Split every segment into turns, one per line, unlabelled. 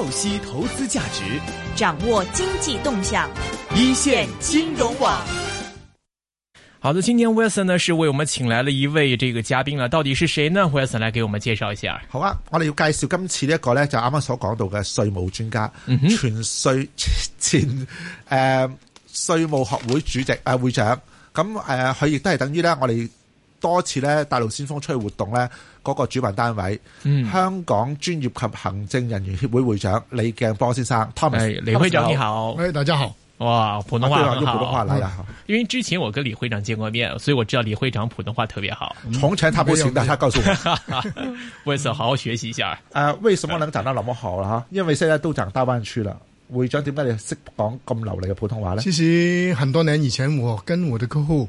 透析投資價值，掌握經濟
動向，一線金融網。
好的，今天 Wilson 呢是為我們請來了一位這個嘉賓了，到底是誰呢？Wilson 來給我們介紹一下。
好啊，我哋要介紹今次呢一個呢，就啱啱所講到嘅稅務專家，嗯、哼全稅前誒稅、呃、務學會主席誒、呃、會長，咁、呃、誒，佢亦都係等於咧我哋。多次呢大陸先鋒出去活動呢嗰，那個主辦單位，嗯，香港專業及行政人員協會會長李鏡波先生 Thomas 李會長好，你
好，哎，大家
好，哇，哦，普通話很普通話來啦，
因為之前我跟李會長見過面，嗯，所以我知道李會
長普通話特別好，從、嗯、前他不行的，嗯，他告訴我，
為什麼好好學習一下？
啊，為什麼能長得那麼好啦，啊？因為現在都長大灣區了，會長點解你識講咁流利嘅普通話呢？其
實很多年以前，我跟我的客戶。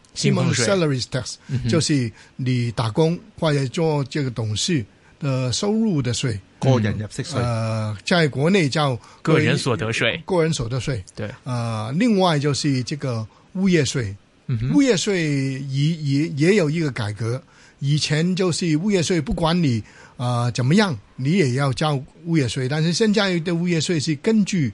西本 salaries tax、嗯、就是你打工或者做這個董事的收入的稅，嗯、個人入息稅、呃、在國內叫個人所得稅，個人所得稅。對，啊、呃，另外就是這個物業稅，
嗯、哼物
業稅也也也有一個改革。以前就是物業稅不管你啊、呃、怎麼樣，你也要交物業稅，但是現在的物業稅是根據。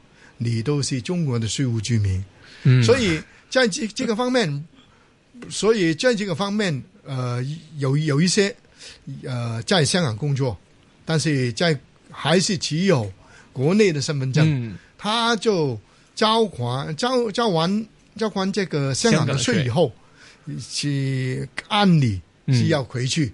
你都是中國的稅務居民，嗯、所以在這這個方面，所以在這個方面，呃有有一些呃在香港工作，但是在還是持有國內的身份證，嗯、他就交還，交交完交完這個香港的稅以後，是按理是要回去。嗯